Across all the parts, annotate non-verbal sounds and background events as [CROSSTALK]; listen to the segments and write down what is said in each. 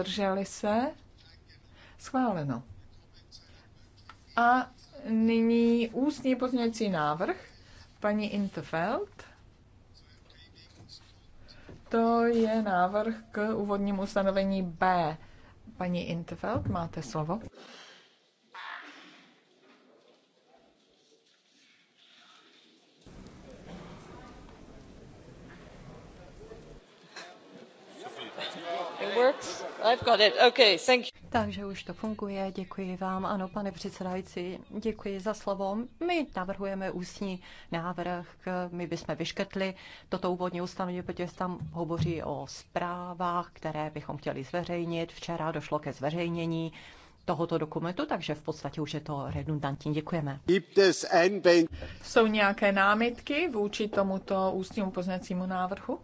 zdrželi se, schváleno. A nyní ústní pozměňující návrh paní Interfeld. To je návrh k úvodnímu ustanovení B. Paní Interfeld, máte slovo. Takže už to funguje, děkuji vám. Ano, pane předsedající, děkuji za slovo. My navrhujeme ústní návrh, my bychom vyškrtli toto úvodní ustanovení, protože tam hovoří o zprávách, které bychom chtěli zveřejnit. Včera došlo ke zveřejnění tohoto dokumentu, takže v podstatě už je to redundantní. Děkujeme. Jsou nějaké námitky vůči tomuto ústnímu poznacímu návrhu?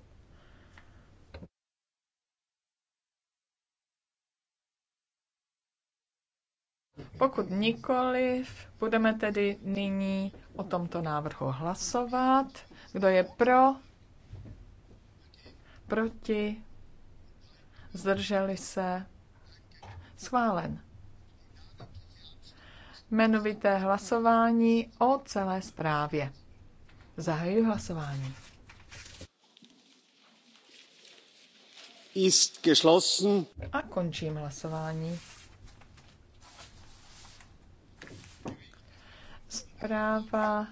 Pokud nikoliv, budeme tedy nyní o tomto návrhu hlasovat. Kdo je pro? Proti? Zdrželi se? Schválen. Jmenovité hlasování o celé zprávě. Zahajuji hlasování. Ist geschlossen. A končím hlasování. zpráva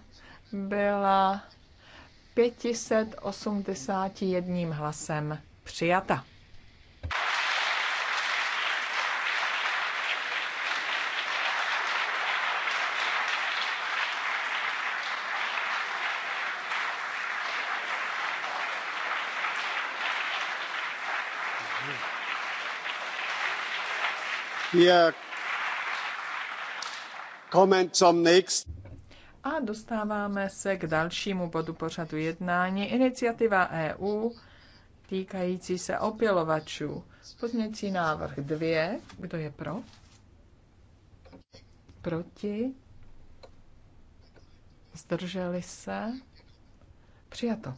byla 581 hlasem přijata. wir kommen zum nächsten. A dostáváme se k dalšímu bodu pořadu jednání. Iniciativa EU týkající se opělovačů. Pozměcí návrh 2. Kdo je pro? Proti? Zdrželi se? Přijato.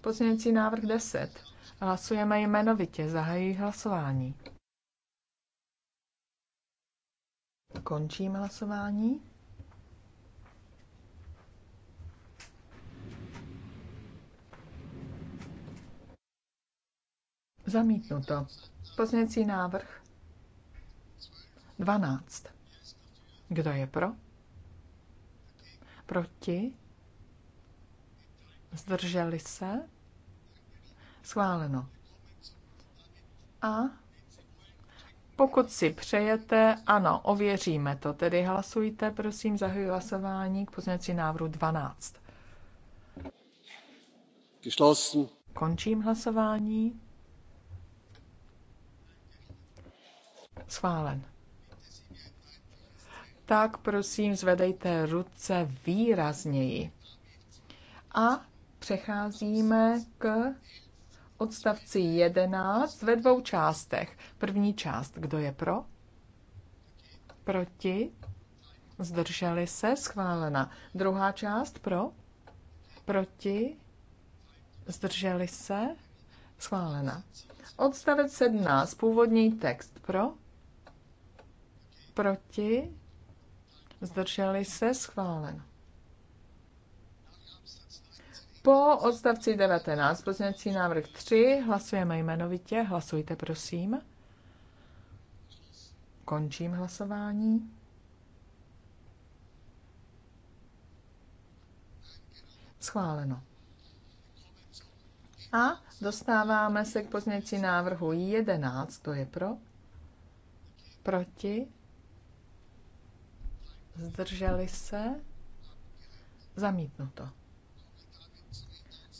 Pozměňující návrh 10. Hlasujeme jmenovitě. Zahají hlasování. Končím hlasování. Zamítnuto. Pozměňující návrh 12. Kdo je pro? Proti? Zdrželi se? Schváleno. A pokud si přejete, ano, ověříme to. Tedy hlasujte, prosím, zahajuji hlasování k pozměňovací návrhu 12. Geschlossen. Končím hlasování. Schválen. Tak prosím, zvedejte ruce výrazněji. A přecházíme k odstavci 11 ve dvou částech. První část, kdo je pro? Proti? Zdrželi se? Schválena. Druhá část pro? Proti? Zdrželi se? Schválena. Odstavec 17, původní text pro? Proti? Zdrželi se? Schváleno. Po odstavci 19, pozměňovací návrh 3, hlasujeme jmenovitě. Hlasujte, prosím. Končím hlasování. Schváleno. A dostáváme se k pozměňovací návrhu 11, to je pro, proti, zdrželi se, zamítnuto.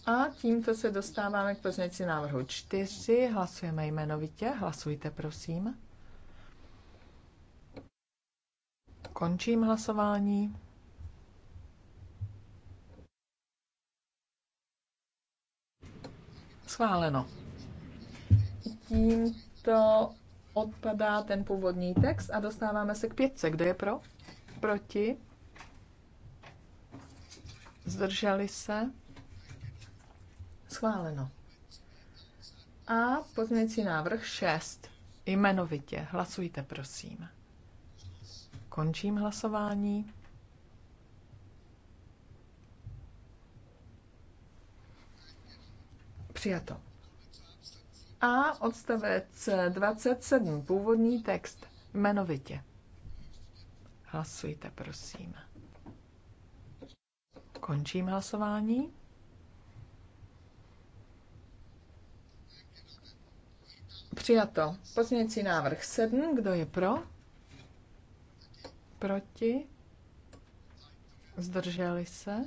A tímto se dostáváme k pozměňovacímu návrhu 4. Hlasujeme jmenovitě. Hlasujte, prosím. Končím hlasování. Schváleno. Tímto odpadá ten původní text a dostáváme se k pětce. Kdo je pro? proti, zdrželi se, schváleno. A pozměnící návrh 6. Jmenovitě. Hlasujte, prosím. Končím hlasování. Přijato. A odstavec 27. Původní text. Jmenovitě. Hlasujte, prosím. Končím hlasování. Přijato. Pozměňující návrh 7. Kdo je pro? Proti? Zdrželi se?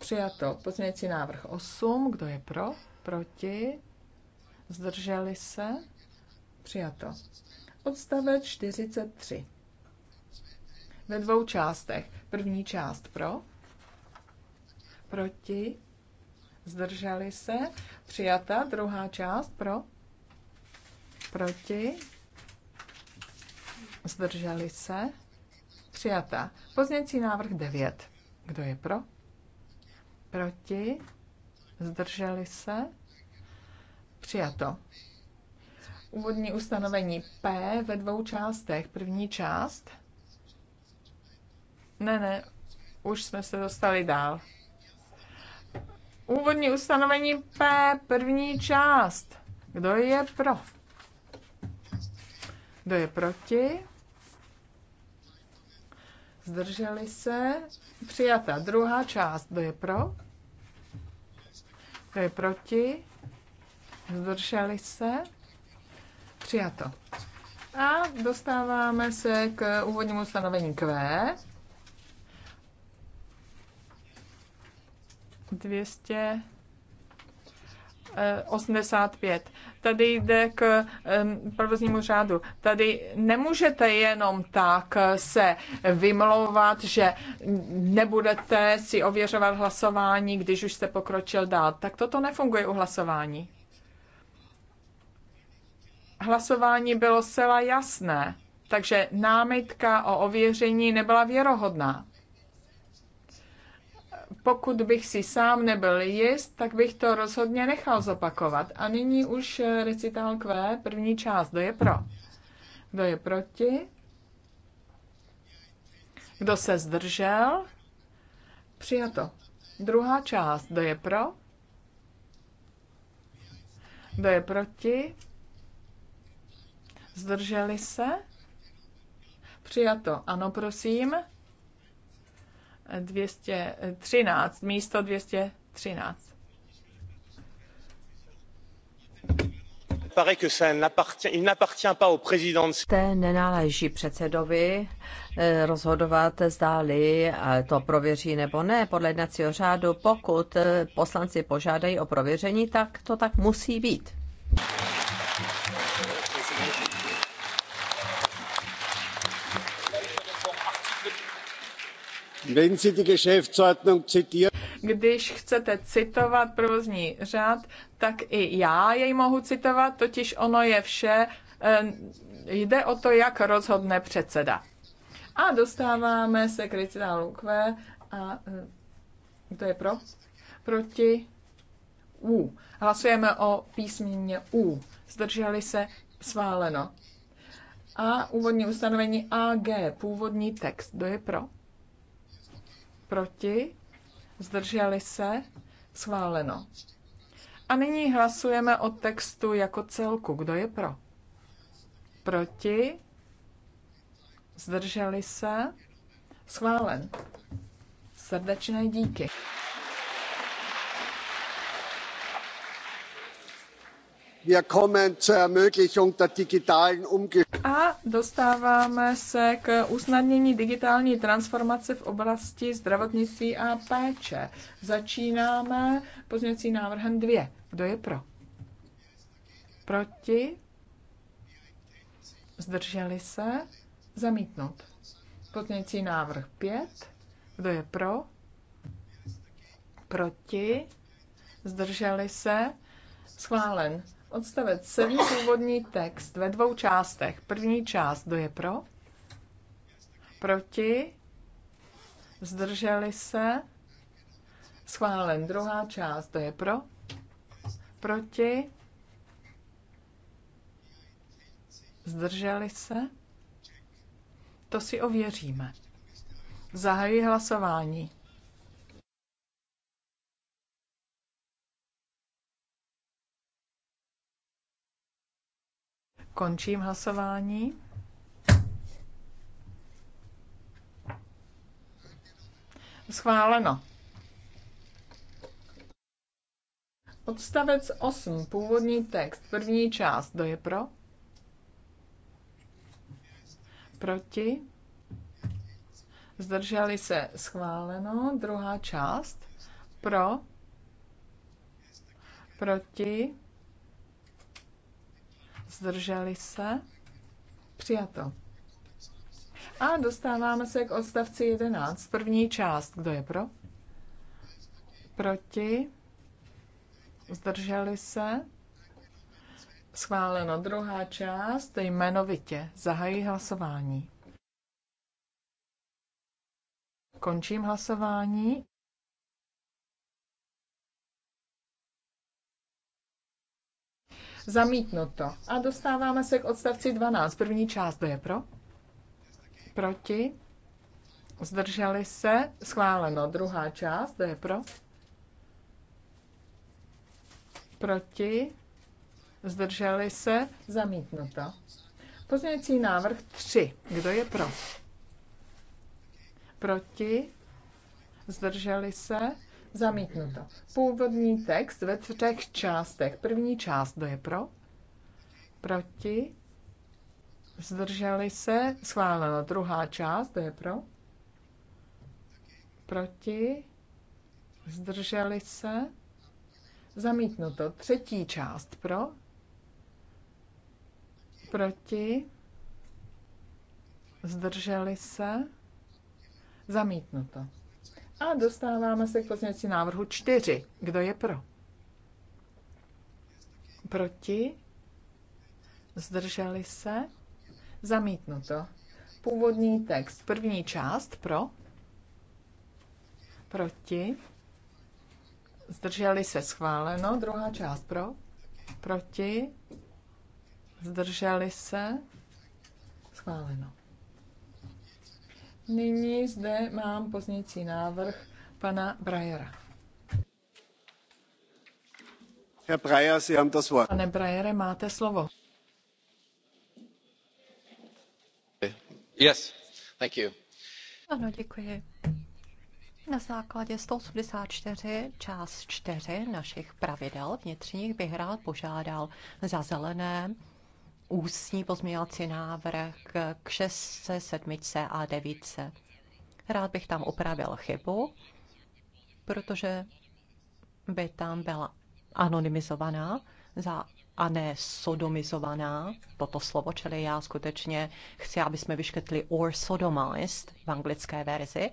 Přijato. Pozměňující návrh 8. Kdo je pro? Proti? Zdrželi se? Přijato. Odstavec 43 ve dvou částech. První část pro, proti, zdrželi se, přijata. Druhá část pro, proti, zdrželi se, přijata. Pozněcí návrh 9. Kdo je pro? Proti, zdrželi se, přijato. Úvodní ustanovení P ve dvou částech. První část ne, ne, už jsme se dostali dál. Úvodní ustanovení P, první část. Kdo je pro? Kdo je proti? Zdrželi se? Přijata druhá část. Kdo je pro? Kdo je proti? Zdrželi se? Přijato. A dostáváme se k úvodnímu stanovení Q. 285. Eh, Tady jde k provoznímu řádu. Tady nemůžete jenom tak eh, se vymlouvat, že nebudete si ověřovat hlasování, když už jste pokročil dál. Tak toto nefunguje u hlasování. Hlasování bylo zcela jasné, takže námitka o ověření nebyla věrohodná pokud bych si sám nebyl jist, tak bych to rozhodně nechal zopakovat. A nyní už eh, recital Q, první část. Kdo je pro? Kdo je proti? Kdo se zdržel? Přijato. Druhá část. Kdo je pro? Kdo je proti? Zdrželi se? Přijato. Ano, prosím. 213 místo 213. Té nenáleží předsedovi eh, rozhodovat, zdáli to prověří nebo ne. Podle jednacího řádu, pokud eh, poslanci požádají o prověření, tak to tak musí být. Když chcete citovat provozní řád, tak i já jej mohu citovat, totiž ono je vše, eh, jde o to, jak rozhodne předseda. A dostáváme se k recitálu Q a to eh, je pro? Proti U. Hlasujeme o písměně U. Zdrželi se sváleno. A úvodní ustanovení AG, původní text. Kdo je pro? proti, zdrželi se, schváleno. A nyní hlasujeme o textu jako celku. Kdo je pro? Proti, zdrželi se, schválen. Srdečné díky. A dostáváme se k usnadnění digitální transformace v oblasti zdravotnictví a péče. Začínáme pozměňovací návrhem 2. Kdo je pro? Proti? Zdrželi se? Zamítnout. Pozměňovací návrh 5. Kdo je pro? Proti? Zdrželi se? Schválen odstavec, celý původní text ve dvou částech. První část, kdo je pro? Proti? Zdrželi se? Schválen druhá část, kdo je pro? Proti? Zdrželi se? To si ověříme. Zahajuji hlasování. Končím hlasování. Schváleno. Odstavec 8, původní text, první část, kdo je pro? Proti? Zdrželi se schváleno, druhá část, pro? Proti? zdrželi se, přijato. A dostáváme se k odstavci 11, první část. Kdo je pro? Proti? Zdrželi se? Schváleno druhá část, jmenovitě. Zahají hlasování. Končím hlasování. Zamítnuto. A dostáváme se k odstavci 12. První část, kdo je pro? Proti? Zdrželi se? Schváleno. Druhá část, kdo je pro? Proti? Zdrželi se? Zamítnuto. Pozměňující návrh 3. Kdo je pro? Proti? Zdrželi se? Zamítnuto. Původní text ve třech částech. První část, kdo je pro? Proti? Zdrželi se? Schváleno. Druhá část, kdo je pro? Proti? Zdrželi se? Zamítnuto. Třetí část pro? Proti? Zdrželi se? Zamítnuto. A dostáváme se k pozměnici návrhu 4. Kdo je pro? Proti? Zdrželi se? Zamítnuto. Původní text. První část pro? Proti? Zdrželi se schváleno. Druhá část pro? Proti? Zdrželi se? Schváleno. Nyní zde mám pozněcí návrh pana Brajera. Herr Breyer, Sie haben das Wort. Pane Brejere, máte slovo. Yes, thank you. Ano, děkuji. Na základě 184 část 4 našich pravidel vnitřních bych rád požádal za zelené ústní pozměňovací návrh k 6, 7 a 9. Rád bych tam opravil chybu, protože by tam byla anonymizovaná za a ne sodomizovaná, toto slovo, čili já skutečně chci, aby jsme vyškrtli or sodomized v anglické verzi,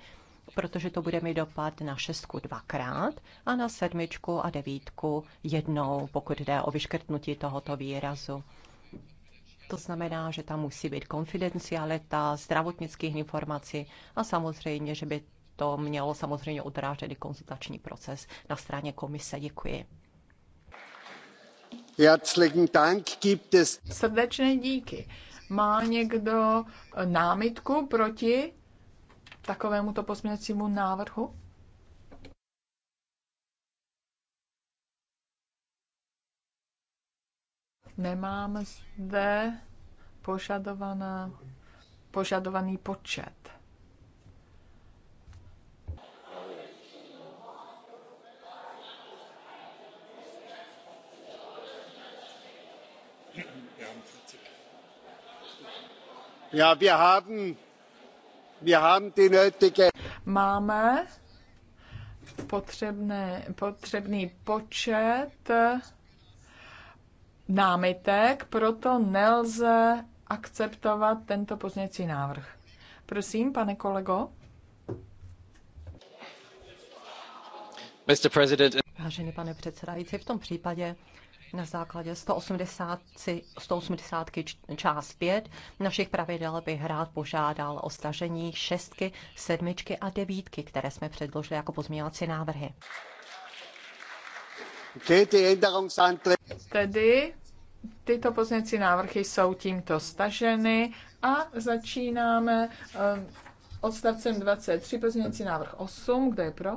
protože to bude mít dopad na šestku dvakrát a na sedmičku a devítku jednou, pokud jde o vyškrtnutí tohoto výrazu. To znamená, že tam musí být konfidencialita zdravotnických informací a samozřejmě, že by to mělo samozřejmě odrážet i konzultační proces na straně komise. Děkuji. Srdečné díky. Má někdo námitku proti takovémuto pozměňovacímu návrhu? Nemám zde požadovaná, požadovaný počet. Ja, wir haben, wir haben die nötige... Máme potřebné, potřebný počet námitek, proto nelze akceptovat tento pozněcí návrh. Prosím, pane kolego. Mr. President. Vážený pane předsedající, v tom případě na základě 180, 180 část 5 našich pravidel bych rád požádal o stažení šestky, sedmičky a devítky, které jsme předložili jako pozměňovací návrhy. Tedy tyto pozměňovací návrhy jsou tímto staženy a začínáme eh, odstavcem 23, pozměňovací návrh 8. Kdo je pro?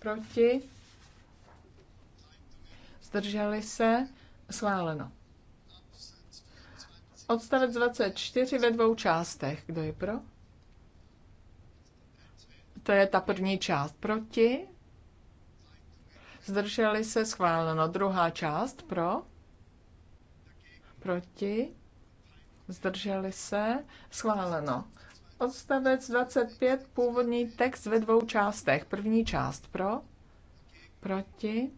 Proti? Zdrželi se? Schváleno. Odstavec 24 ve dvou částech. Kdo je pro? To je ta první část. Proti? zdrželi se, schváleno. Druhá část pro, proti, zdrželi se, schváleno. Odstavec 25, původní text ve dvou částech. První část pro, proti,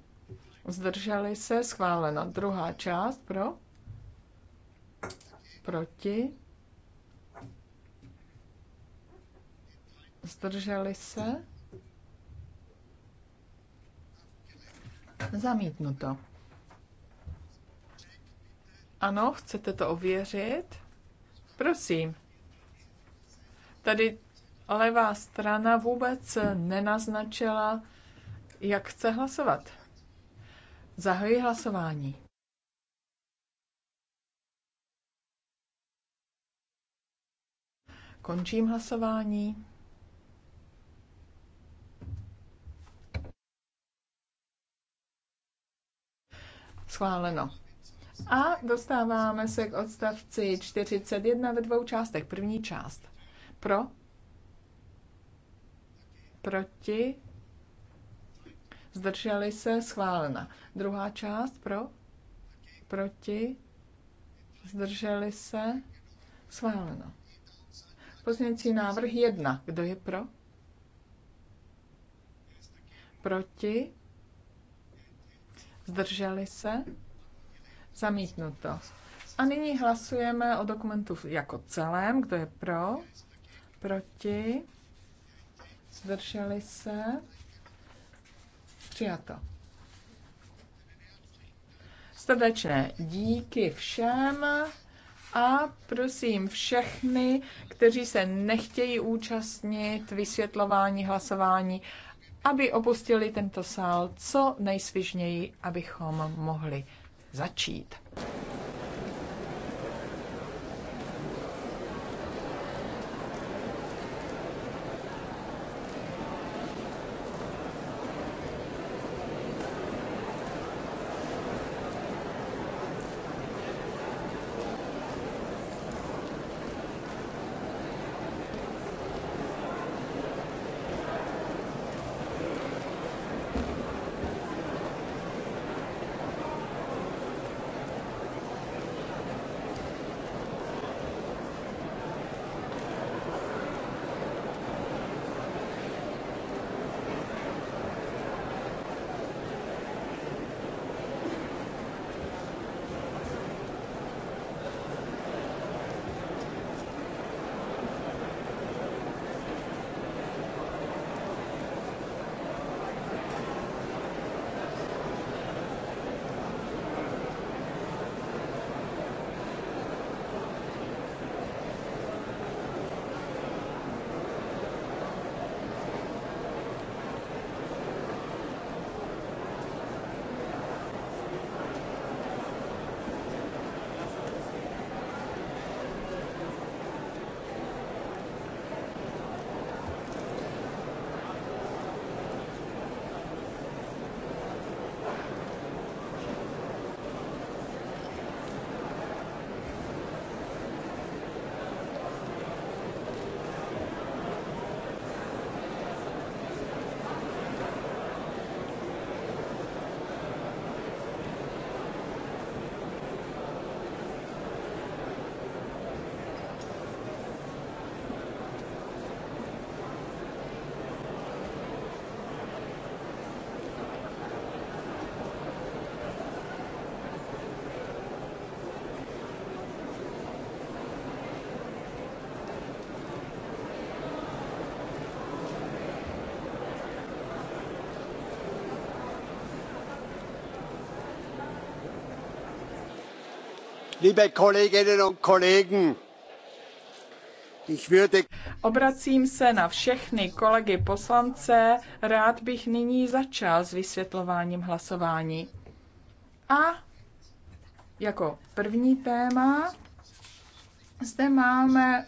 zdrželi se, schváleno. Druhá část pro, proti, zdrželi se, Zamítnuto. Ano, chcete to ověřit? Prosím. Tady levá strana vůbec nenaznačila, jak chce hlasovat. Zahajuji hlasování. Končím hlasování. Schváleno. A dostáváme se k odstavci 41 ve dvou částech. První část. Pro. Proti. Zdrželi se. Schválena. Druhá část. Pro. Proti. Zdrželi se. Schváleno. Pozměňující návrh 1. Kdo je pro? Proti? zdrželi se, zamítnuto. A nyní hlasujeme o dokumentu jako celém, kdo je pro, proti, zdrželi se, přijato. Srdečné díky všem a prosím všechny, kteří se nechtějí účastnit vysvětlování hlasování, aby opustili tento sál co nejsvižněji, abychom mohli začít. liebe kolleginnen und kollegen! Obracím se na všechny kolegy poslance. Rád bych nyní začal s vysvětlováním hlasování. A jako první téma zde máme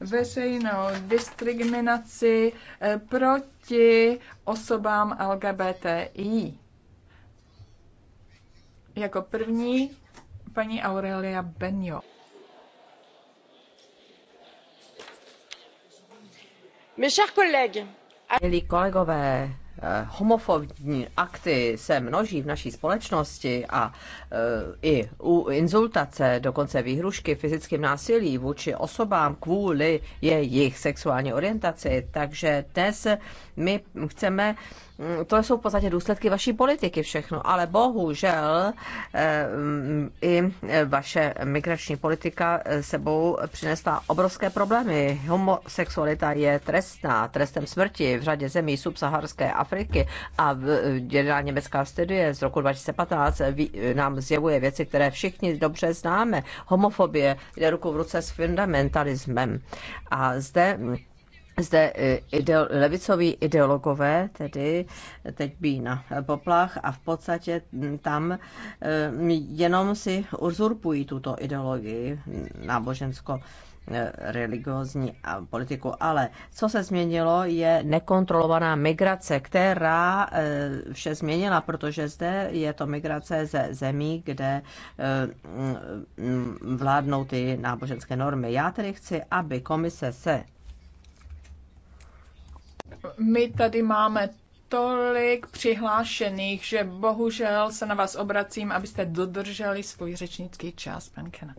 veřejnou diskriminaci eh, proti osobám LGBTI. Jako první paní Aurelia Benjo. Mes chers collègues, Milí kolegové, eh, homofobní akty se množí v naší společnosti a eh, i u insultace, dokonce výhrušky fyzickým násilí vůči osobám kvůli jejich sexuální orientaci. Takže dnes my chceme Mm, to jsou v podstatě důsledky vaší politiky všechno, ale bohužel eh, mm, i eh, vaše migrační politika eh, sebou přinesla obrovské problémy. Homosexualita je trestná, trestem smrti v řadě zemí subsaharské Afriky a dělá německá studie z roku 2015 nám zjevuje věci, které všichni dobře známe. Homofobie jde ruku v ruce s fundamentalismem. A zde mm, zde e, ideo, levicoví ideologové tedy teď by na poplach a v podstatě tam e, jenom si uzurpují tuto ideologii nábožensko e, religiozní politiku. Ale co se změnilo, je nekontrolovaná migrace, která vše změnila, protože zde je to migrace ze zemí, kde vládnou ty náboženské normy. Já tedy chci, aby komise se my tady máme tolik přihlášených, že bohužel se na vás obracím, abyste dodrželi svůj řečnický čas, pan Kena.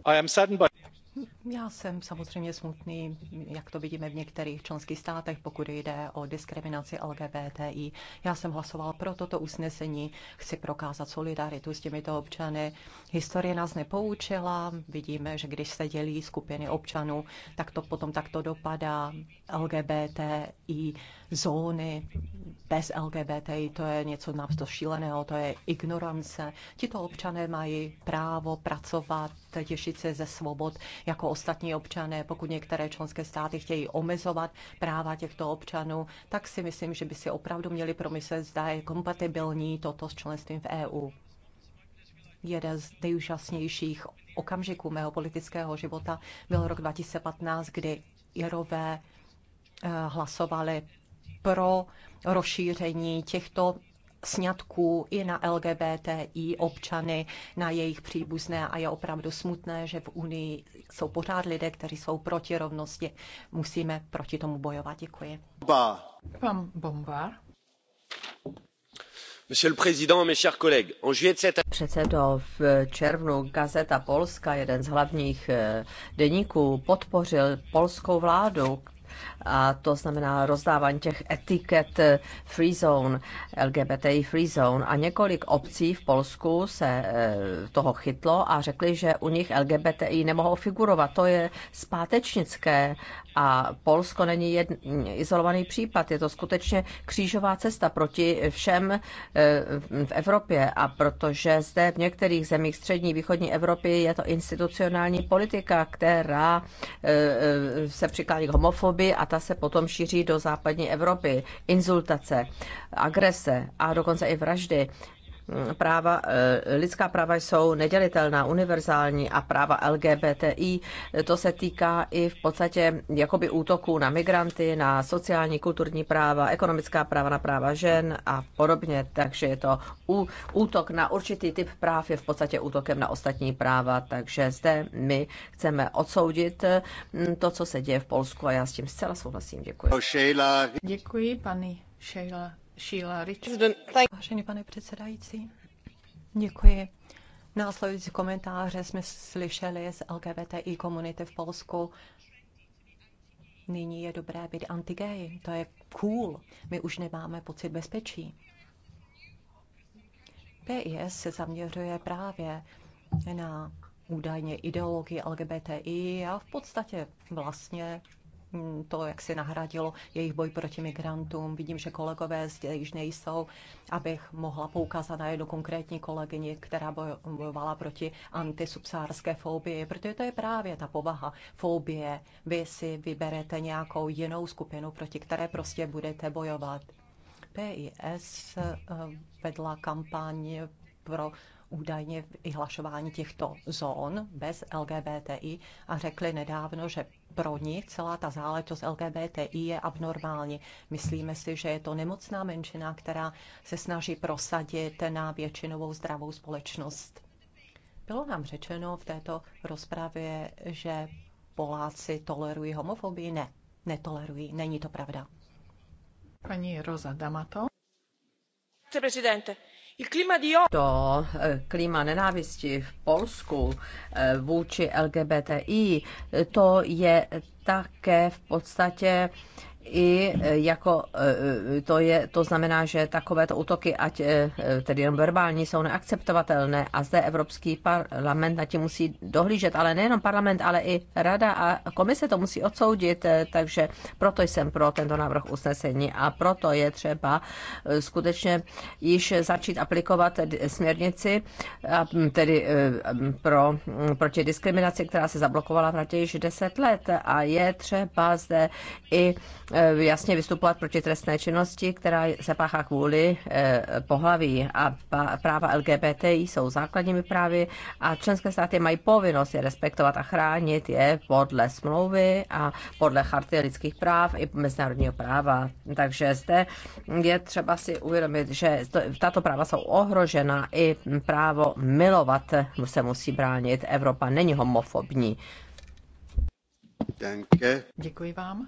Já jsem samozřejmě smutný, jak to vidíme v některých členských státech, pokud jde o diskriminaci LGBTI. Já jsem hlasoval pro toto usnesení, chci prokázat solidaritu s těmito občany. Historie nás nepoučila, vidíme, že když se dělí skupiny občanů, tak to potom takto dopadá. LGBTI zóny bez LGBTI, to je něco naprosto šíleného, to je ignorance. Tito občané mají právo pracovat, těšit se ze svobod jako ostatní občané, pokud některé členské státy chtějí omezovat práva těchto občanů, tak si myslím, že by si opravdu měli promyslet, zda je kompatibilní toto s členstvím v EU. Jeden z nejúžasnějších okamžiků mého politického života byl rok 2015, kdy Jerové eh, hlasovali pro rozšíření těchto sňatků i na LGBTI občany, na jejich příbuzné a je opravdu smutné, že v Unii jsou pořád lidé, kteří jsou proti rovnosti. Musíme proti tomu bojovat. Děkuji. Ba. Pan Bombard monsieur le président mes chers collègues en juillet cette Předsedo, v červnu Gazeta Polska, jeden z hlavních eh, deníků, podpořil polskou vládu, a to znamená rozdávání těch etiket Free Zone, LGBTI Free Zone a několik obcí v Polsku se e, toho chytlo a řekli, že u nich LGBTI nemohou figurovat. To je zpátečnické a Polsko není jedn, izolovaný případ. Je to skutečně křížová cesta proti všem e, v Evropě a protože zde v některých zemích střední východní Evropy je to institucionální politika, která e, se přiklání k homofobii a ta se potom šíří do západní Evropy. Inzultace, agrese a dokonce i vraždy. Eh, práva, eh, lidská práva jsou nedělitelná, univerzální a práva LGBTI, eh, to se týká i v podstatě jakoby útoků na migranty, na sociální, kulturní práva, ekonomická práva na práva žen a podobně, takže je to útok na určitý typ práv je v podstatě útokem na ostatní práva, takže zde my chceme odsoudit hm, to, co se děje v Polsku a já s tím zcela souhlasím. Děkuji. Děkuji, paní Šejla Sheila Richards. Vážený pane předsedající, děkuji. Následující komentáře jsme slyšeli z LGBTI komunity v Polsku. Nyní je dobré být antigej, to je cool. My už nemáme pocit bezpečí. PIS se zaměřuje právě na údajně ideologii LGBTI a v podstatě vlastně Mm, to, jak si nahradilo jejich boj proti migrantům. Vidím, že kolegové zde již nejsou, abych mohla poukázat na jednu konkrétní kolegyni, která bojovala proti antisubsárské fobii, protože to je právě ta povaha fobie. Vy si vyberete nějakou jinou skupinu, proti které prostě budete bojovat. PIS eh, vedla kampaň pro údajně vyhlašování těchto zón bez LGBTI a řekli nedávno, že pro ní celá ta záležitost LGBTI je abnormální. Myslíme si, že je to nemocná menšina, která se snaží prosadit na většinovou zdravou společnost. Bylo nám řečeno v této rozpravě, že Poláci tolerují homofobii. Ne, netolerují. Není to pravda. Paní Roza Damato. prezidente. To eh, klima nenávisti v Polsku eh, vůči LGBTI, eh, to je také v podstatě i e, jako e, e, to, je, to znamená, že takovéto útoky, ať tedy jenom verbální, jsou neakceptovatelné a zde Evropský parlament na tím musí dohlížet, ale nejenom parlament, ale i rada a komise to musí odsoudit, takže proto jsem pro tento návrh usnesení a proto je třeba skutečně již začít aplikovat směrnici, tedy pro, proti diskriminaci, která se zablokovala v radě již 10 let a je třeba zde i Eh, jasně vystupovat proti trestné činnosti, která se páchá kvůli eh, pohlaví a práva LGBT jsou základními právy a členské státy mají povinnost je respektovat a chránit je podle smlouvy a podle charty lidských práv i mezinárodního práva. Takže zde je třeba si uvědomit, že tato práva jsou ohrožena i právo milovat se musí bránit. Evropa není homofobní. Danke. Děkuji vám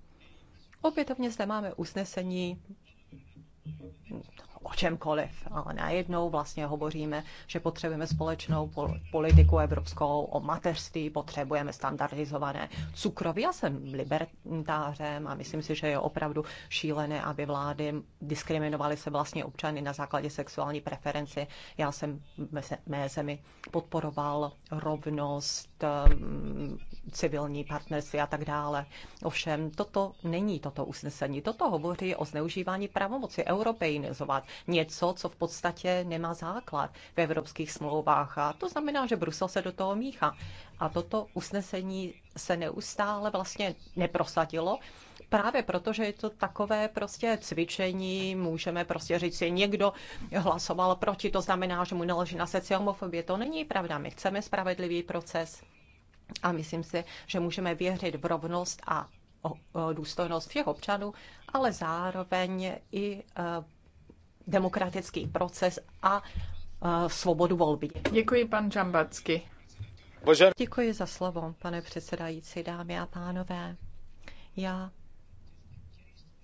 Opětovně zde máme usnesení o čemkoliv. A najednou vlastně hovoříme, že potřebujeme společnou politiku evropskou o mateřství, potřebujeme standardizované cukroví. Já jsem libertářem a myslím si, že je opravdu šílené, aby vlády diskriminovaly se vlastně občany na základě sexuální preferenci. Já jsem mé zemi podporoval rovnost, mm, civilní partnerství a tak dále. Ovšem, toto není toto usnesení. Toto hovoří o zneužívání pravomoci europeinizovat něco, co v podstatě nemá základ v evropských smlouvách. A to znamená, že Brusel se do toho míchá. A toto usnesení se neustále vlastně neprosadilo, právě proto, že je to takové prostě cvičení, můžeme prostě říct, že někdo hlasoval proti, to znamená, že mu naleží na seci homofobie. To není pravda, my chceme spravedlivý proces a myslím si, že můžeme věřit v rovnost a důstojnost všech občanů, ale zároveň i eh, demokratický proces a e, svobodu volby. Děkuji, pan Čambacky. Bože. Děkuji za slovo, pane předsedající, dámy a pánové. Já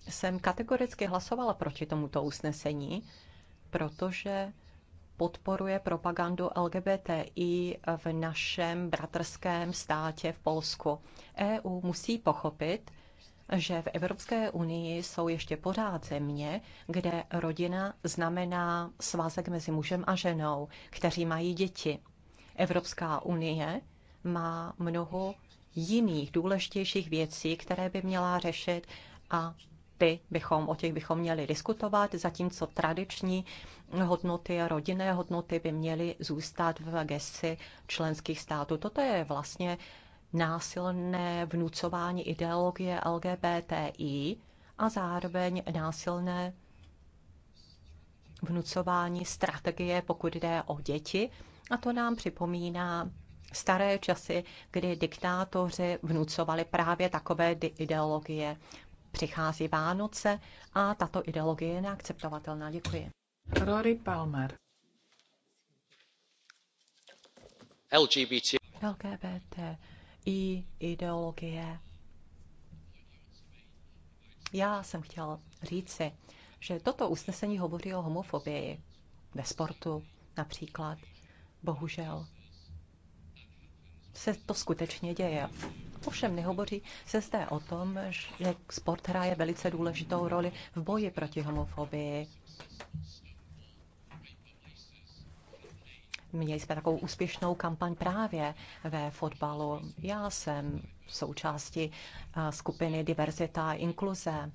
jsem kategoricky hlasovala proti tomuto usnesení, protože podporuje propagandu LGBTI v našem bratrském státě v Polsku. EU musí pochopit, že v Evropské unii jsou ještě pořád země, kde rodina znamená svazek mezi mužem a ženou, kteří mají děti. Evropská unie má mnoho jiných důležitějších věcí, které by měla řešit a ty bychom, o těch bychom měli diskutovat, zatímco tradiční hodnoty a rodinné hodnoty by měly zůstat v gesci členských států. Toto je vlastně násilné vnucování ideologie LGBTI a zároveň násilné vnucování strategie, pokud jde o děti. A to nám připomíná staré časy, kdy diktátoři vnucovali právě takové ideologie. Přichází Vánoce a tato ideologie je neakceptovatelná. Děkuji. Rory Palmer. LGBT. LGBT i ideologie. Já jsem chtěl říci, že toto usnesení hovoří o homofobii ve sportu například. Bohužel se to skutečně děje. Ovšem nehovoří se zde o tom, že sport hraje velice důležitou roli v boji proti homofobii. Měli jsme takovou úspěšnou kampaň právě ve fotbalu. Já jsem součástí skupiny Diverzita a inkluze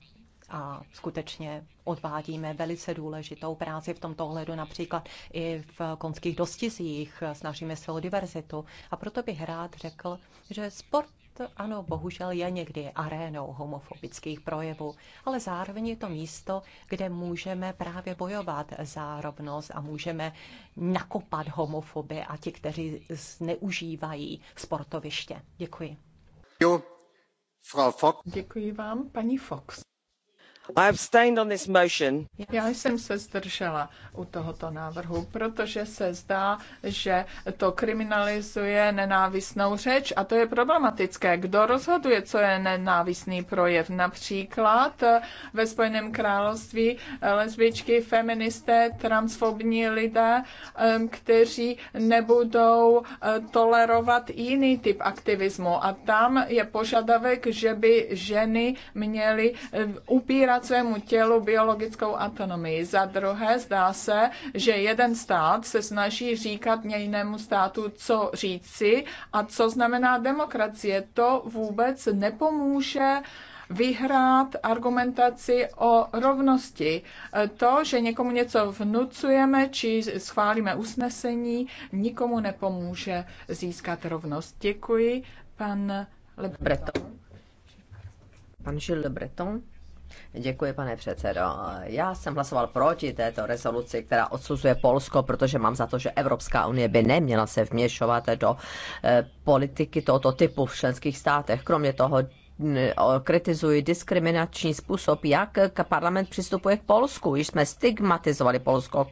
a skutečně odvádíme velice důležitou práci v tomto ohledu, například i v konských dostizích, snažíme se o diverzitu. A proto bych rád řekl, že sport ano, bohužel je někdy arénou homofobických projevů, ale zároveň je to místo, kde můžeme právě bojovat za rovnost a můžeme nakopat homofoby a ti, kteří zneužívají sportoviště. Děkuji. Děkuji vám, paní Fox. I abstained on this motion. Já jsem se zdržela u tohoto návrhu, protože se zdá, že to kriminalizuje nenávistnou řeč a to je problematické. Kdo rozhoduje, co je nenávistný projev? Například eh, ve Spojeném království eh, lesbičky, feministé, transfobní lidé, eh, kteří nebudou tolerovat jiný typ aktivismu a tam je požadavek, že by ženy měly upírat upírat svému tělu biologickou autonomii. Za druhé, zdá se, že jeden stát se snaží říkat jinému státu, co říci a co znamená demokracie. To vůbec nepomůže vyhrát argumentaci o rovnosti. To, že někomu něco vnucujeme či schválíme usnesení, nikomu nepomůže získat rovnost. Děkuji, pan Le Breton. Pan Gilles Le Breton. Děkuji, pane předsedo. Já jsem hlasoval proti této rezoluci, která odsuzuje Polsko, protože mám za to, že Evropská unie by neměla se vměšovat do eh, politiky tohoto typu v členských státech. Kromě toho kritizuji diskriminační způsob, jak parlament přistupuje k Polsku. Již jsme stigmatizovali Polsko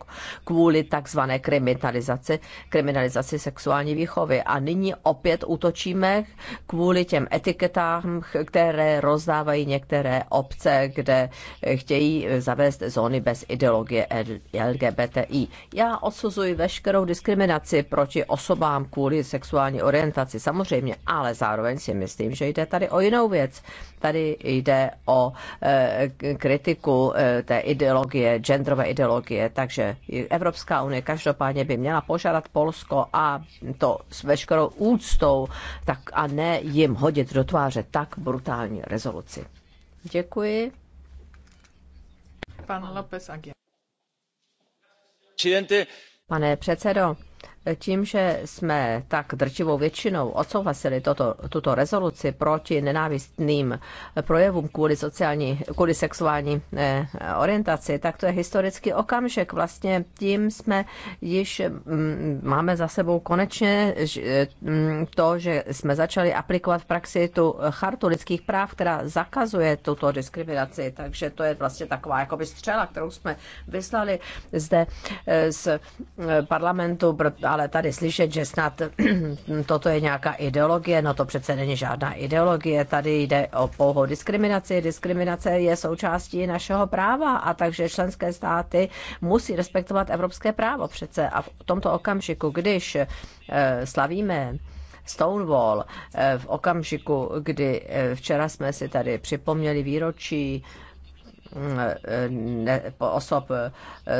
kvůli takzvané kriminalizaci, kriminalizaci sexuální výchovy. A nyní opět útočíme kvůli těm etiketám, které rozdávají některé obce, kde chtějí zavést zóny bez ideologie LGBTI. Já odsuzuji veškerou diskriminaci proti osobám kvůli sexuální orientaci, samozřejmě, ale zároveň si myslím, že jde tady o jinou věc věc. Tady jde o eh, kritiku eh, té ideologie, genderové ideologie, takže Evropská unie každopádně by měla požádat Polsko a to s veškerou úctou tak a ne jim hodit do tváře tak brutální rezoluci. Děkuji. Pan López Aguilar. Pane předsedo, tím, že jsme tak drtivou většinou odsouhlasili toto, tuto rezoluci proti nenávistným projevům kvůli, sociální, kvůli sexuální eh, orientaci, tak to je historický okamžik. Vlastně tím jsme již mm, máme za sebou konečně eh, mm, to, že jsme začali aplikovat v praxi tu chartu lidských práv, která zakazuje tuto diskriminaci. Takže to je vlastně taková jakoby střela, kterou jsme vyslali zde eh, z parlamentu, ale tady slyšet, že snad [CLEARS THROAT] toto je nějaká ideologie, no to přece není žádná ideologie, tady jde o pouhou diskriminaci. Diskriminace je součástí našeho práva a takže členské státy musí respektovat evropské právo přece. A v tomto okamžiku, když eh, slavíme Stonewall eh, v okamžiku, kdy eh, včera jsme si tady připomněli výročí Mm, ne, osob eh,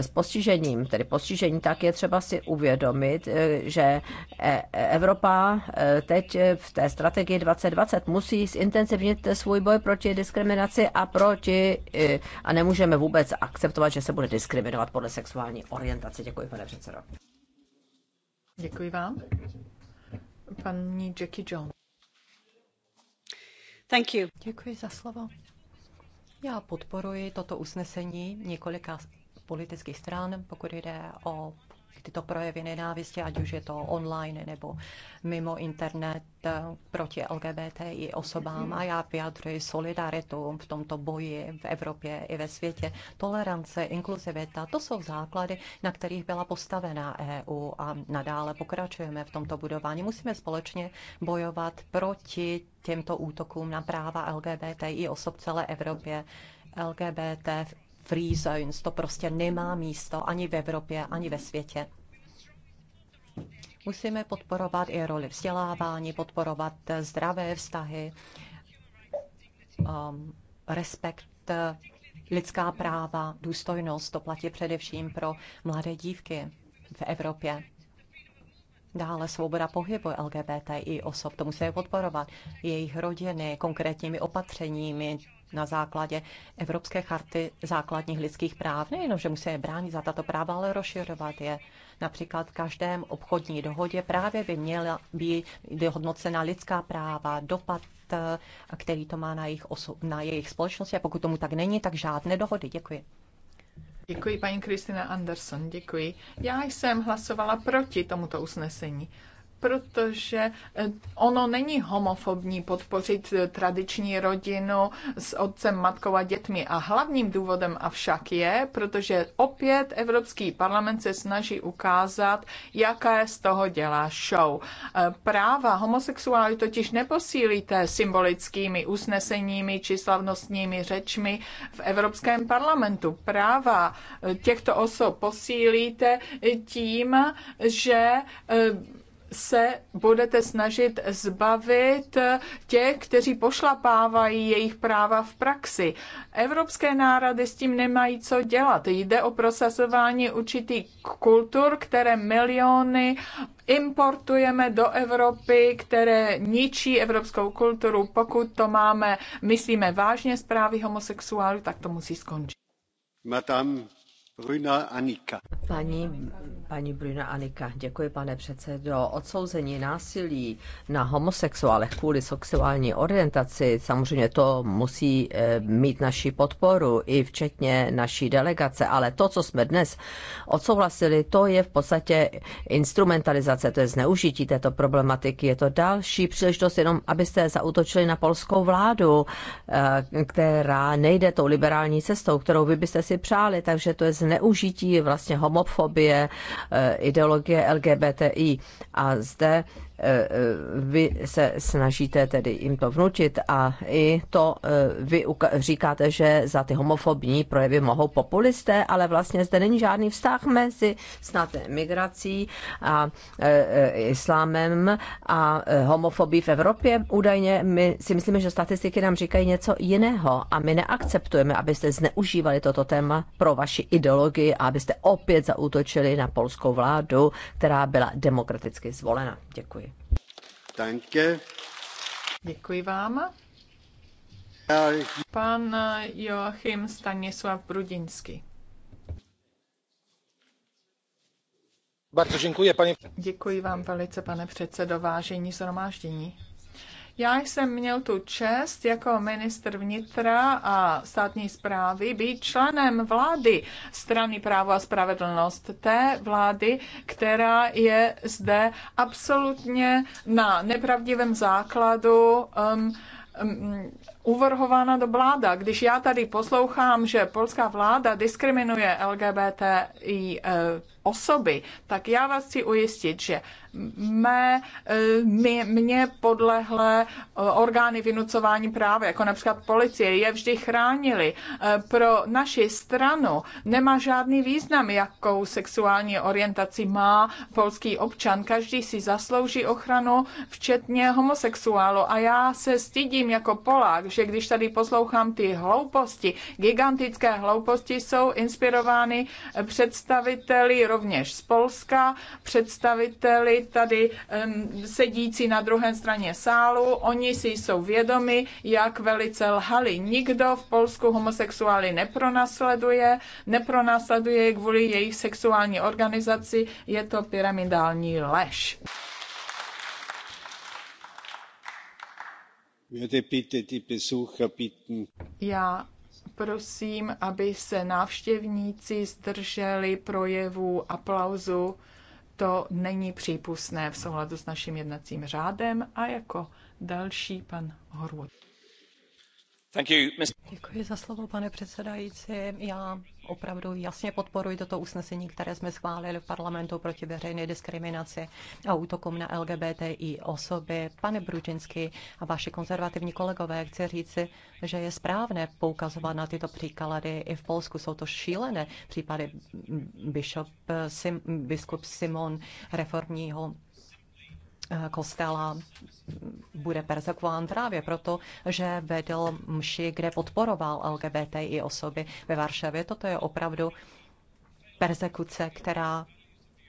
s postižením, tedy postižení, tak je třeba si uvědomit, eh, že eh, Evropa teď v té strategii 2020 musí zintenzivnit svůj boj proti diskriminaci a proti a nemůžeme vůbec akceptovat, že se bude diskriminovat podle sexuální orientace. Děkuji, pane předsedo. Děkuji vám. Paní Jackie Jones. Thank you. Děkuji za slovo. Já podporuji toto usnesení několika politických stran, pokud jde o tyto projevy nenávistě, ať už je to online nebo mimo internet proti LGBT i osobám. A já vyjadřuji solidaritu v tomto boji v Evropě i ve světě. Tolerance, inkluzivita, to jsou základy, na kterých byla postavená EU a nadále pokračujeme v tomto budování. Musíme společně bojovat proti těmto útokům na práva LGBT i osob celé Evropě. LGBT free zones. To prostě nemá místo ani v Evropě, ani ve světě. Musíme podporovat i roli vzdělávání, podporovat zdravé vztahy, um, respekt, lidská práva, důstojnost. To platí především pro mladé dívky v Evropě. Dále svoboda pohybu LGBT i osob, to musíme podporovat. Jejich rodiny konkrétními opatřeními, na základě Evropské charty základních lidských práv. Nejenom, že musí je bránit za tato práva, ale rozšiřovat je. Například v každém obchodní dohodě právě by měla být hodnocena lidská práva, dopad, eh, který to má na jejich, osu, na jejich společnosti. A pokud tomu tak není, tak žádné dohody. Děkuji. Děkuji, paní Kristina Anderson, děkuji. Já jsem hlasovala proti tomuto usnesení protože eh, ono není homofobní podpořit eh, tradiční rodinu s otcem, matkou a dětmi. A hlavním důvodem avšak je, protože opět Evropský parlament se snaží ukázat, jaké z toho dělá show. Eh, práva homosexuálů totiž neposílíte symbolickými usneseními či slavnostními řečmi v Evropském parlamentu. Práva těchto osob posílíte tím, že se budete snažit zbavit těch, kteří pošlapávají jejich práva v praxi. Evropské národy s tím nemají co dělat. Jde o prosazování určitých kultur, které miliony importujeme do Evropy, které ničí evropskou kulturu. Pokud to máme, myslíme vážně zprávy homosexuálů, tak to musí skončit. Madame Paní, paní Bruna Anika, děkuji pane předsedo. Odsouzení násilí na homosexuálech kvůli sexuální orientaci, samozřejmě to musí eh, mít naši podporu i včetně naší delegace, ale to, co jsme dnes odsouhlasili, to je v podstatě instrumentalizace, to je zneužití této problematiky. Je to další příležitost jenom, abyste zautočili na polskou vládu, eh, která nejde tou liberální cestou, kterou vy byste si přáli, takže to je zneužití zneužití vlastně homofobie, eh, ideologie LGBTI. A zde Eh, vy se snažíte tedy jim to vnučit a i to eh, vy říkáte, že za ty homofobní projevy mohou populisté, ale vlastně zde není žádný vztah mezi snad migrací a eh, islámem a homofobí v Evropě. Údajně my si myslíme, že statistiky nám říkají něco jiného a my neakceptujeme, abyste zneužívali toto téma pro vaši ideologii a abyste opět zaútočili na polskou vládu, která byla demokraticky zvolena. Děkuji. Děkuji. Děkuji vám. Pan Joachim Stanisław Brudiński. Bardzo dziękuję, panie... Děkuji vám velice, pane předsedo, vážení zhromáždění. Já jsem měl tu čest jako ministr vnitra a státní zprávy být členem vlády strany právo a spravedlnost té vlády, která je zde absolutně na nepravdivém základu um, um, uvrhována do vláda. Když já tady poslouchám, že polská vláda diskriminuje LGBTI eh, osoby, tak já vás chci ujistit, že mé, e, mě, mě podlehlé e, orgány vynucování práva, jako například policie, je vždy chránili. E, pro naši stranu nemá žádný význam, jakou sexuální orientaci má polský občan. Každý si zaslouží ochranu, včetně homosexuálu. A já se stydím jako Polák, že když tady poslouchám ty hlouposti, gigantické hlouposti jsou inspirovány představiteli rovněž z Polska, představiteli tady sedící na druhé straně sálu. Oni si jsou vědomi, jak velice lhali. Nikdo v Polsku homosexuály nepronásleduje, nepronásleduje kvůli jejich sexuální organizaci. Je to pyramidální lež. Já prosím, aby se návštěvníci zdrželi projevu, aplauzu. To není přípustné v souladu s naším jednacím řádem. A jako další pan Horvud. Děkuji pane předsedající. Já opravdu jasně podporuji toto usnesení, které jsme schválili v parlamentu proti veřejné diskriminaci a útokům na LGBTI osoby. Pane Bručinsky a vaši konzervativní kolegové, chci říci, že je správné poukazovat na tyto příklady. I v Polsku jsou to šílené případy. Bishop, biskup Simon reformního kostela bude persekován právě proto, že vedl mši, kde podporoval i osoby ve Varšavě. Toto je opravdu persekuce, která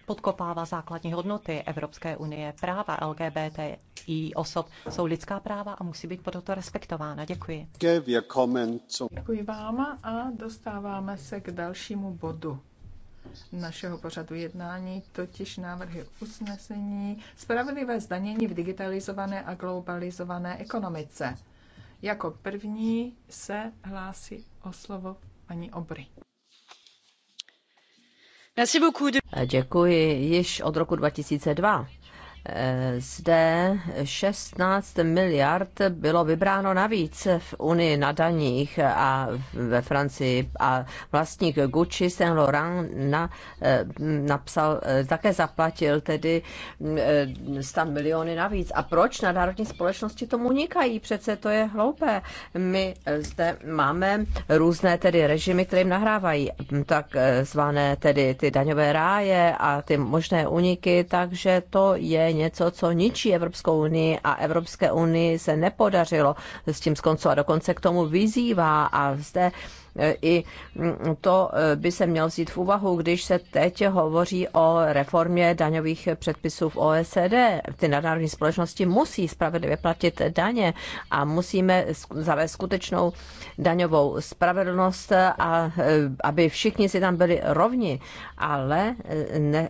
podkopává základní hodnoty Evropské unie. Práva LGBT i osob jsou lidská práva a musí být proto respektována. Děkuji. Děkuji vám a dostáváme se k dalšímu bodu našeho pořadu jednání, totiž návrhy usnesení spravedlivé zdanění v digitalizované a globalizované ekonomice. Jako první se hlásí o slovo paní Obry. Děkuji již od roku 2002 zde 16 miliard bylo vybráno navíc v Unii na daních a ve Francii a vlastník Gucci Saint Laurent na, eh, napsal, eh, také zaplatil tedy 100 eh, miliony navíc. A proč nadárodní společnosti tomu unikají? Přece to je hloupé. My zde máme různé tedy režimy, které jim nahrávají tak zvané tedy ty daňové ráje a ty možné uniky, takže to je něco, co ničí Evropskou unii a Evropské unii se nepodařilo s tím skoncovat. Dokonce k tomu vyzývá a zde e, i mm, to e, by se mělo vzít v úvahu, když se teď hovoří o reformě daňových předpisů v OSD. Ty nadnárodní společnosti musí spravedlivě platit daně a musíme zavést skutečnou daňovou spravedlnost, a e, aby všichni si tam byli rovni. Ale ne,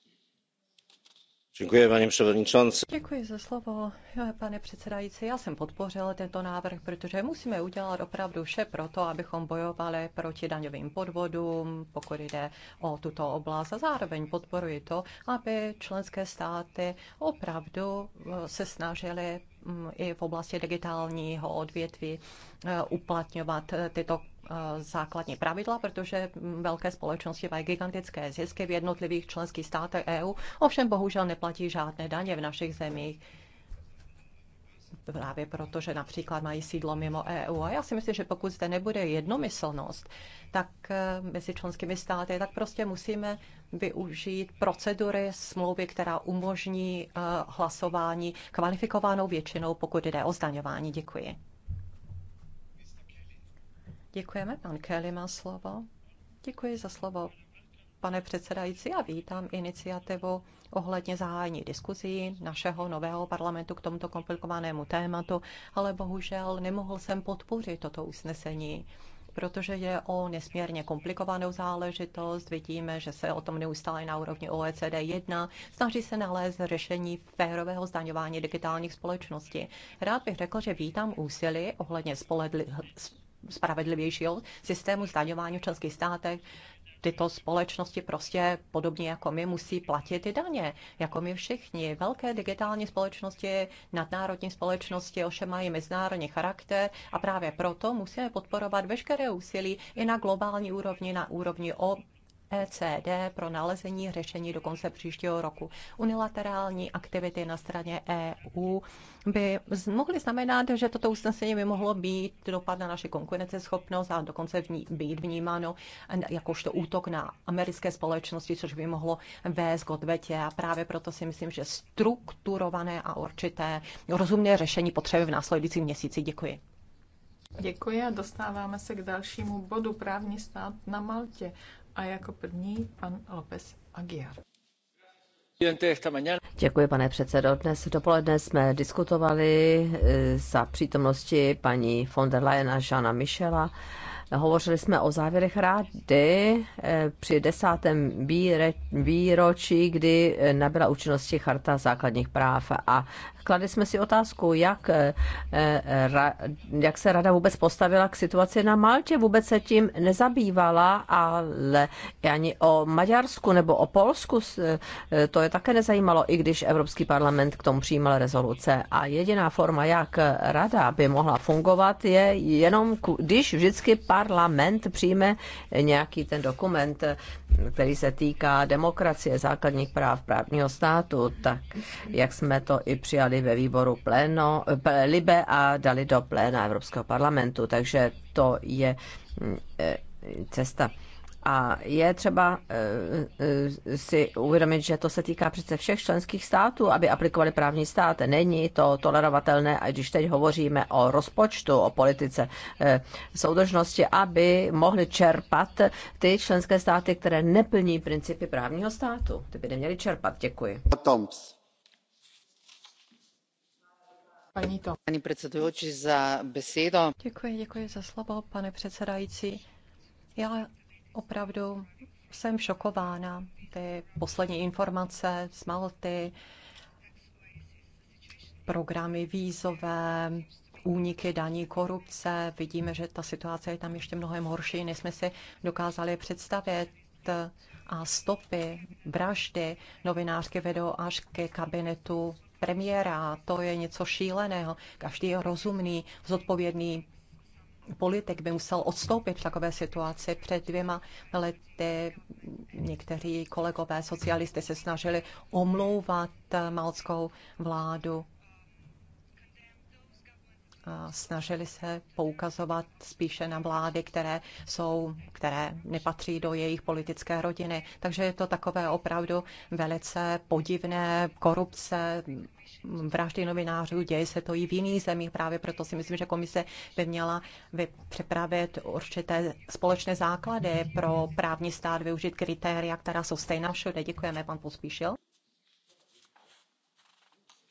Děkuji, Děkuji za slovo, pane předsedající. Já jsem podpořil tento návrh, protože musíme udělat opravdu vše pro to, abychom bojovali proti daňovým podvodům, pokud jde o tuto oblast. A zároveň podporuji to, aby členské státy opravdu eh, se snažily i v oblasti digitálního odvětví eh, uplatňovat eh, tyto eh, základní pravidla, protože velké společnosti mají gigantické zisky v jednotlivých členských státech EU, ovšem bohužel neplatí žádné daně v našich zemích právě proto, že například mají sídlo mimo EU. A já si myslím, že pokud zde nebude jednomyslnost, tak eh, mezi členskými státy, tak prostě musíme využít procedury smlouvy, která umožní eh, hlasování kvalifikovanou většinou, pokud jde o zdaňování. Děkuji. Děkujeme. Pan Kelly má slovo. Děkuji za slovo, pane předsedající. Já vítám iniciativu ohledně zahájení diskuzí našeho nového parlamentu k tomuto komplikovanému tématu, ale bohužel nemohl jsem podpořit toto usnesení protože je o nesmírně komplikovanou záležitost. Vidíme, že se o tom neustále na úrovni OECD 1 Snaží se nalézt řešení férového zdaňování digitálních společností. Rád bych řekl, že vítám úsilí ohledně spoledli, spravedlivějšího systému zdaňování v členských státech, tyto společnosti prostě podobně jako my musí platit i daně, jako my všichni. Velké digitální společnosti, nadnárodní společnosti ovšem mají mezinárodní charakter a právě proto musíme podporovat veškeré úsilí i na globální úrovni, na úrovni OECD pro nalezení řešení do konce příštího roku. Unilaterální aktivity na straně EU by mohly znamenat, že toto usnesení by mohlo být dopad na naši konkurenceschopnost a dokonce v ní být vnímáno jakožto útok na americké společnosti, což by mohlo vést k odvetě. A právě proto si myslím, že strukturované a určité rozumné řešení potřeby v následujícím měsíci. Děkuji. Děkuji a dostáváme se k dalšímu bodu právní stát na Maltě. A jako první pan López Aguiar. Děkuji, pane předsedo. Dnes dopoledne jsme diskutovali e, za přítomnosti paní von der Leyen a Žana Michela. Hovořili jsme o závěrech rády e, při desátém výročí, kdy e, nabyla účinnosti Charta základních práv a kladli jsme si otázku, jak, eh, eh, jak se rada vůbec postavila k situaci na Maltě. Vůbec se tím nezabývala, ale ani o Maďarsku nebo o Polsku eh, to je také nezajímalo, i když Evropský parlament k tomu přijímal rezoluce. A jediná forma, jak rada by mohla fungovat, je jenom, když vždycky parlament přijme nějaký ten dokument, který se týká demokracie, základních práv, právního státu, tak jak jsme to i přijali dali ve výboru pléno, eh, Libe a dali do pléna Evropského parlamentu. Takže to je mm, eh, cesta. A je třeba eh, si uvědomit, že to se týká přece všech členských států, aby aplikovali právní stát. Není to tolerovatelné, a když teď hovoříme o rozpočtu, o politice soudržnosti, aby mohli čerpat ty členské státy, které neplní principy právního státu. Ty by neměly čerpat. Děkuji. Paní to. Paní předsedající za besedo. Děkuji, děkuji za slovo, pane předsedající. Já opravdu jsem šokována. Ty poslední informace z Malty, programy vízové, úniky daní, korupce. Vidíme, že ta situace je tam ještě mnohem horší, než jsme si dokázali představit. A stopy, vraždy novinářky vedou až ke kabinetu premiéra, to je něco šíleného. Každý rozumný, zodpovědný politik by musel odstoupit v takové situaci. Před dvěma lety někteří kolegové socialisty se snažili omlouvat malckou vládu snažili se poukazovat spíše na vlády, které jsou, které nepatří do jejich politické rodiny. Takže je to takové opravdu velice podivné korupce, vraždy novinářů, děje se to i v jiných zemích. Právě proto si myslím, že komise by měla připravit určité společné základy pro právní stát, využít kritéria, která jsou stejná všude. Děkujeme, pan Pospíšil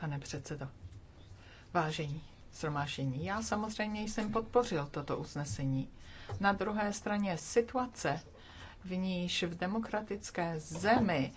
pane předsedo. Vážení sromášení, já samozřejmě jsem podpořil toto usnesení. Na druhé straně situace, v níž v demokratické zemi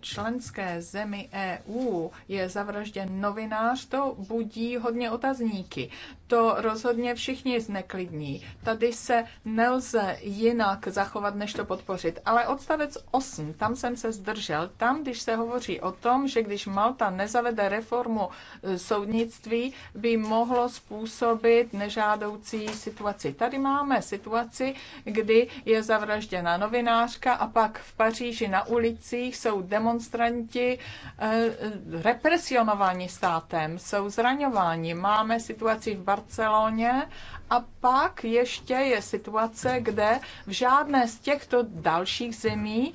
členské zemi EU je zavražděn novinář, to budí hodně otazníky to rozhodně všichni zneklidní. Tady se nelze jinak zachovat, než to podpořit. Ale odstavec 8, tam jsem se zdržel. Tam, když se hovoří o tom, že když Malta nezavede reformu e, soudnictví, by mohlo způsobit nežádoucí situaci. Tady máme situaci, kdy je zavražděna novinářka a pak v Paříži na ulicích jsou demonstranti e, e, represionováni státem, jsou zraňováni. Máme situaci v Bar- Barceloně a pak ještě je situace, kde v žádné z těchto dalších zemí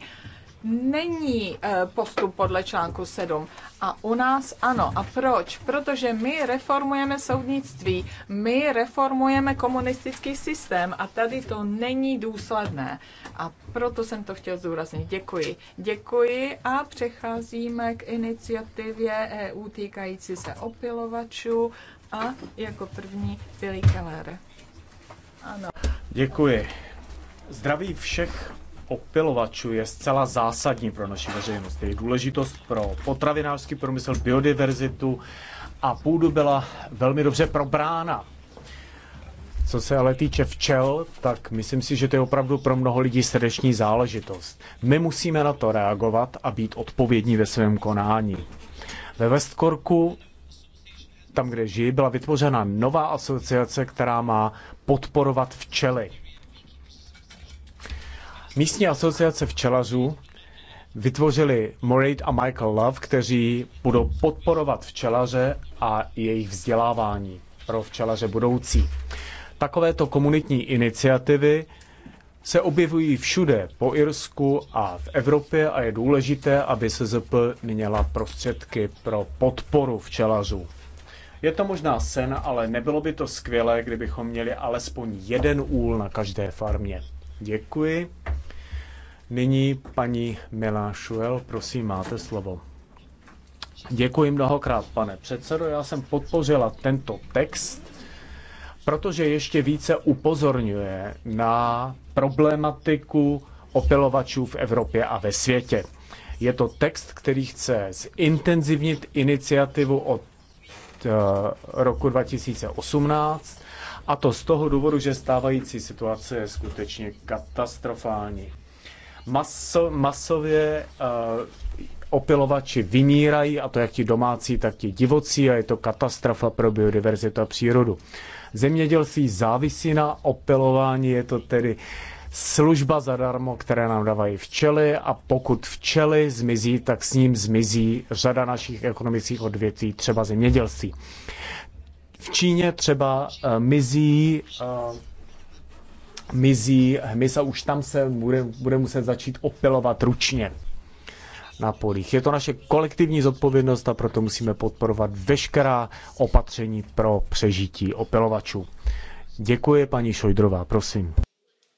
není eh, postup podle článku 7. A u nás ano. A proč? Protože my reformujeme soudnictví, my reformujeme komunistický systém a tady to není důsledné. A proto jsem to chtěl zúraznit. Děkuji. Děkuji a přecházíme k iniciativě EU týkající se opilovačů. A jako první Billy Keller. Ano. Děkuji. Zdraví všech opilovačů je zcela zásadní pro naši veřejnost. Její důležitost pro potravinářský průmysl, biodiverzitu a půdu byla velmi dobře probrána. Co se ale týče včel, tak myslím si, že to je opravdu pro mnoho lidí srdeční záležitost. My musíme na to reagovat a být odpovědní ve svém konání. Ve Westkorku tam, kde žijí, byla vytvořena nová asociace, která má podporovat včely. Místní asociace včelařů vytvořili Morate a Michael Love, kteří budou podporovat včelaře a jejich vzdělávání pro včelaře budoucí. Takovéto komunitní iniciativy se objevují všude po Irsku a v Evropě a je důležité, aby SZP měla prostředky pro podporu včelařů. Je to možná sen, ale nebylo by to skvělé, kdybychom měli alespoň jeden úl na každé farmě. Děkuji. Nyní paní Milá Šuel, prosím, máte slovo. Děkuji mnohokrát, pane předsedo. Já jsem podpořila tento text, protože ještě více upozorňuje na problematiku opilovačů v Evropě a ve světě. Je to text, který chce zintenzivnit iniciativu od Eh, roku 2018, a to z toho důvodu, že stávající situace je skutečně katastrofální. Maso, masově uh, opilovači vymírají, a to jak ti domácí, tak ti divocí, a je to katastrofa pro biodiverzitu a přírodu. Zemědělství závisí na opilování, je to tedy uh, služba zadarmo, které nám dávají včely a pokud včely zmizí, tak s ním zmizí řada našich ekonomických odvětví, třeba zemědělství. V Číně třeba uh, mizí uh, mizí hmyz a už tam se bude, bude muset začít opilovat ručně na polích. Je to naše kolektivní zodpovědnost a proto musíme podporovat veškerá opatření pro přežití opilovačů. Děkuji, paní Šojdrová, prosím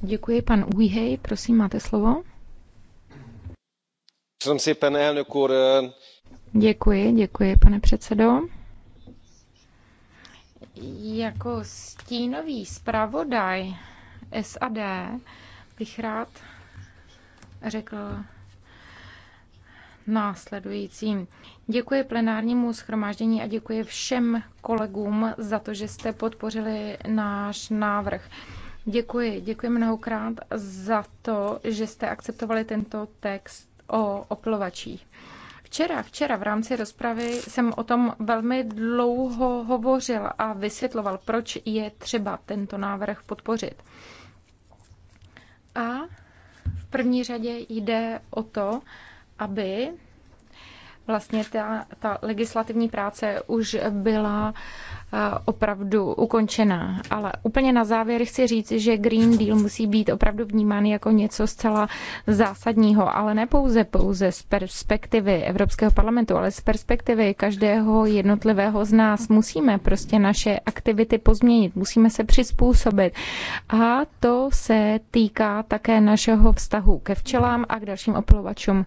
Děkuji, pan Uihej, prosím, máte slovo. Eh, děkuji, děkuji, pane předsedo. Jako stínový zpravodaj SAD bych rád řekl následujícím. Děkuji plenárnímu schromáždění a děkuji všem kolegům za to, že jste podpořili náš návrh. Děkuji, děkuji mnohokrát za to, že jste akceptovali tento text o opilovačích. Včera, včera v rámci rozpravy jsem o tom velmi dlouho hovořil a vysvětloval, proč je třeba tento návrh podpořit. A v první řadě jde o to, aby vlastně ta, ta legislativní práce už byla eh, opravdu ukončená. Ale úplně na závěr chci říct, že Green Deal musí být opravdu vnímán jako něco zcela zásadního, ale ne pouze, pouze z perspektivy Evropského parlamentu, ale z perspektivy každého jednotlivého z nás. Musíme prostě naše aktivity pozměnit, musíme se přizpůsobit. A to se týká také našeho vztahu ke včelám a k dalším opilovačům.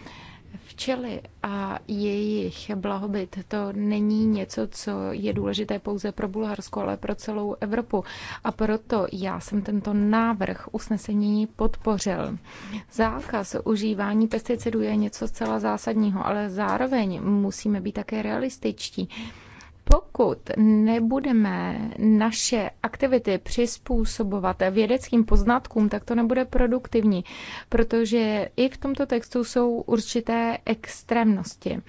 Včely a jejich blahobyt to není něco, co je důležité pouze pro Bulharsko, ale pro celou Evropu. A proto já jsem tento návrh usnesení podpořil. Zákaz užívání pesticidů je něco zcela zásadního, ale zároveň musíme být také realističtí pokud nebudeme naše aktivity přizpůsobovat vědeckým poznatkům, tak to nebude produktivní, protože i v tomto textu jsou určité extrémnosti.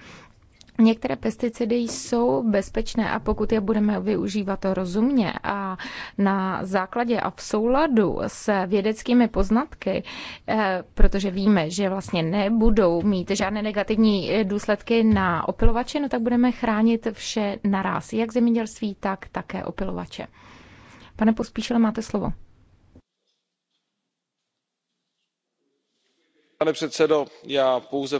Některé pesticidy jsou bezpečné a pokud je budeme využívat rozumně a na základě a v souladu s vědeckými poznatky, eh, protože víme, že vlastně nebudou mít žádné negativní důsledky na opilovače, no tak budeme chránit vše naraz, jak zemědělství, tak také opilovače. Pane Pospíšile, máte slovo. Pane předsedo, já pouze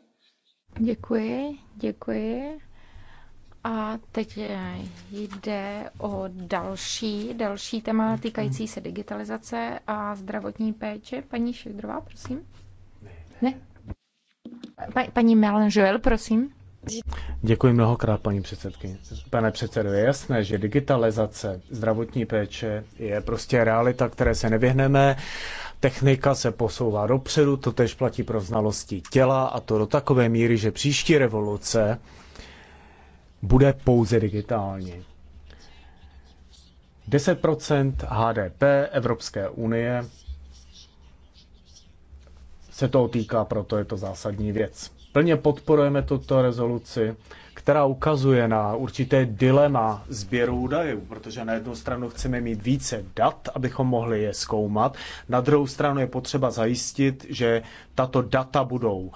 Děkuji, děkuji. A teď eh, jde o další, další téma týkající se digitalizace a zdravotní péče. Paní Šedrová, prosím. Ne. Pa, paní Melan Joel, prosím. Děkuji mnohokrát, paní předsedkyně. Pane předsedo, je jasné, že digitalizace zdravotní péče je prostě realita, které se nevyhneme Technika se posouvá dopředu, to tež platí pro znalosti těla a to do takové míry, že příští revoluce bude pouze digitální. 10% HDP Evropské unie se toho týká, proto je to zásadní věc. Plně podporujeme tuto rezoluci která ukazuje na určité dilema sběru údajů, protože na jednu stranu chceme mít více dat, abychom mohli je zkoumat, na druhou stranu je potřeba zajistit, že tato data budou